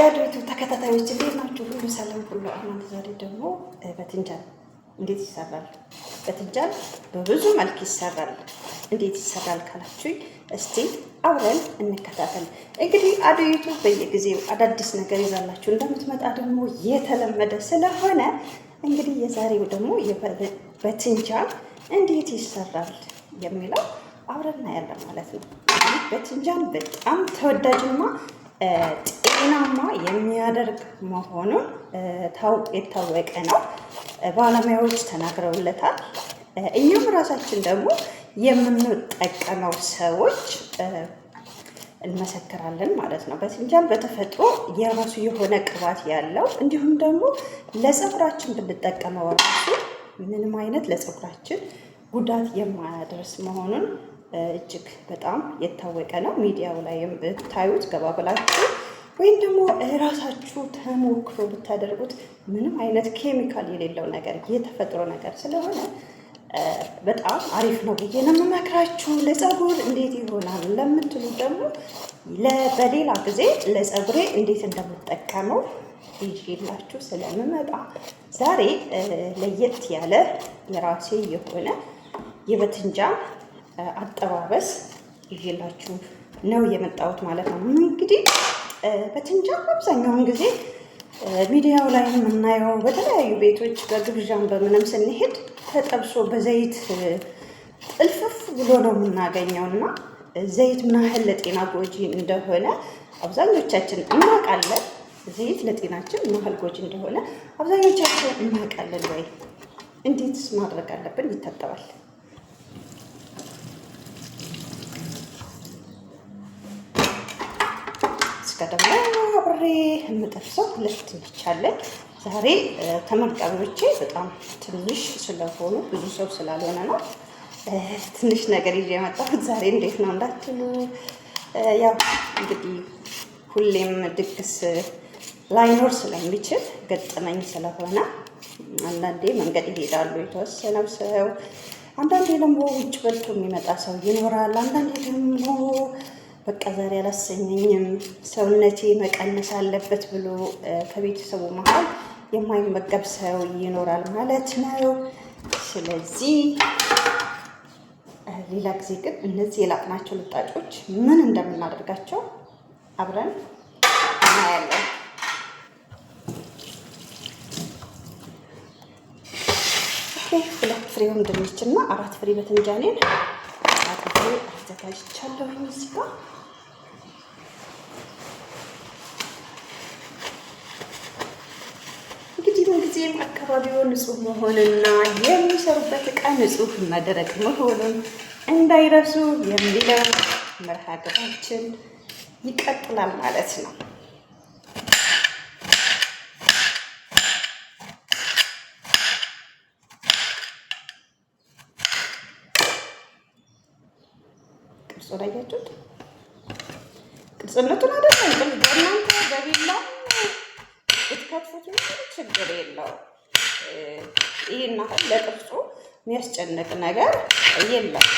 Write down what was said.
ያድሪቱ ተከታታዮች እንዴት ናችሁ? ሁሉ ሰላም ሁሉ አማን። ዛሬ ደግሞ በትንጃል እንዴት ይሰራል? በትጃን በብዙ መልክ ይሰራል። እንዴት ይሰራል ካላችሁ እስቲ አብረን እንከታተል። እንግዲህ አዶ ዩቱብ በየጊዜው አዳዲስ ነገር ይዛላችሁ እንደምትመጣ ደግሞ የተለመደ ስለሆነ እንግዲህ የዛሬው ደግሞ በትንጃን እንዴት ይሰራል የሚለው አብረን እናያለን ማለት ነው። በትንጃን በጣም ተወዳጅና ጤናማ የሚያደርግ መሆኑን የታወቀ ነው። ባለሙያዎች ተናግረውለታል። እኛም ራሳችን ደግሞ የምንጠቀመው ሰዎች እንመሰክራለን ማለት ነው። በትንጃል በተፈጥሮ የራሱ የሆነ ቅባት ያለው እንዲሁም ደግሞ ለፀጉራችን ብንጠቀመው ራሱ ምንም አይነት ለፀጉራችን ጉዳት የማያደርስ መሆኑን እጅግ በጣም የታወቀ ነው። ሚዲያው ላይ ብታዩት ገባ ብላችሁ ወይም ደግሞ ራሳችሁ ተሞክሮ ብታደርጉት ምንም አይነት ኬሚካል የሌለው ነገር የተፈጥሮ ነገር ስለሆነ በጣም አሪፍ ነው ብዬ ነው የምመክራችሁ። ለፀጉር እንዴት ይሆናል ለምትሉ ደግሞ በሌላ ጊዜ ለፀጉሬ እንዴት እንደምጠቀመው ይዤላችሁ ስለምመጣ ዛሬ ለየት ያለ የራሴ የሆነ የበትንጃን አጠባበስ ይዤላችሁ ነው የመጣሁት ማለት ነው እንግዲህ በትንጃ አብዛኛውን ጊዜ ሚዲያው ላይ የምናየው በተለያዩ ቤቶች በግብዣም በምንም ስንሄድ ተጠብሶ በዘይት ጥልፍፍ ብሎ ነው የምናገኘው እና ዘይት ምን ያህል ለጤና ጎጂ እንደሆነ አብዛኞቻችን እናውቃለን። ዘይት ለጤናችን ምን ያህል ጎጂ እንደሆነ አብዛኞቻችን እናውቃለን። ወይ እንዴትስ ማድረግ አለብን? ይታጠባል እስከ ደግሞ አብሬ የምጠብሰው ሁለት ድንች ዛሬ ከመቀበሎቼ በጣም ትንሽ ስለሆኑ ብዙ ሰው ስላልሆነ ነው ትንሽ ነገር ይዤ የመጣሁት ዛሬ። እንዴት ነው እንዳትሉ፣ ያው እንግዲህ ሁሌም ድግስ ላይኖር ስለሚችል ገጠመኝ ስለሆነ አንዳንዴ መንገድ ይሄዳሉ የተወሰነው ሰው፣ አንዳንዴ ደግሞ ውጭ በልቶ የሚመጣ ሰው ይኖራል። አንዳንዴ ደግሞ በቃ ዛሬ አላሰኘኝም ሰውነቴ መቀነስ አለበት ብሎ ከቤተሰቡ መሀል የማይመገብ ሰው ይኖራል ማለት ነው። ስለዚህ ሌላ ጊዜ ግን እነዚህ የላጥናቸው ልጣጮች ምን እንደምናደርጋቸው አብረን እናያለን። ሁለት ፍሬውን እና አራት ፍሬ በትንጃኔን አዘጋጅቻለሁ እዚህ ጋር ምንጊዜም አካባቢው ንጹህ መሆንና የሚሰሩበት እቃ ንጹህ እና ደረቅ መሆኑን እንዳይረሱ የሚለው መርሃ ግብራችን ይቀጥላል ማለት ነው። ቅርጹን አያችሁት? ቅርጽነቱን አይደለም ግን በእናንተ በቢላ ችግር የለውም። ይህን ለቅርጹ የሚያስጨንቅ ነገር የለም።